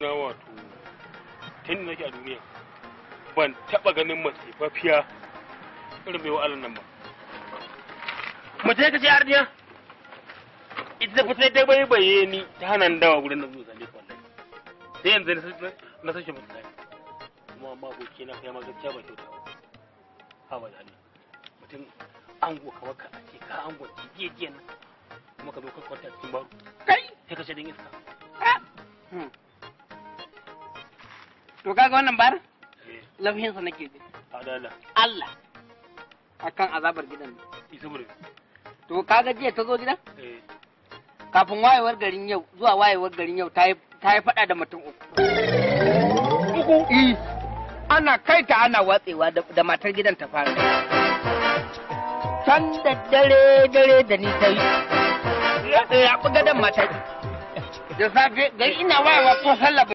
na wato tun nake a duniya ban taba ganin mace fafiya irin bai wa'alan nan ba mace ka ce arniya ita da fita ta bai baye ni ta hannun dawa gudun da zuwa zane kwallon sai yanzu na sashe mace zane kuma ma boki na kai ma cewa ba kyauta ha ba zane mutum ango kamar ka a ce ka ango jiye jiye nan kuma ka zo ka kwanta cikin baro kai sai ka ce din iska ah! hmm. to kaga wannan bar eh. lafiyan sa nake ji Allah akan azabar gidan to kaga jiya ta zo gidan eh. kafin wayewar garin yau zuwa wayewar garin yau ta yi fada da mutum uku ana kai ta ana watsewa da matar gidan ta fara can da dare dare da ni ta yi ya buga matar da safe gari ina wayewa ko sallaba.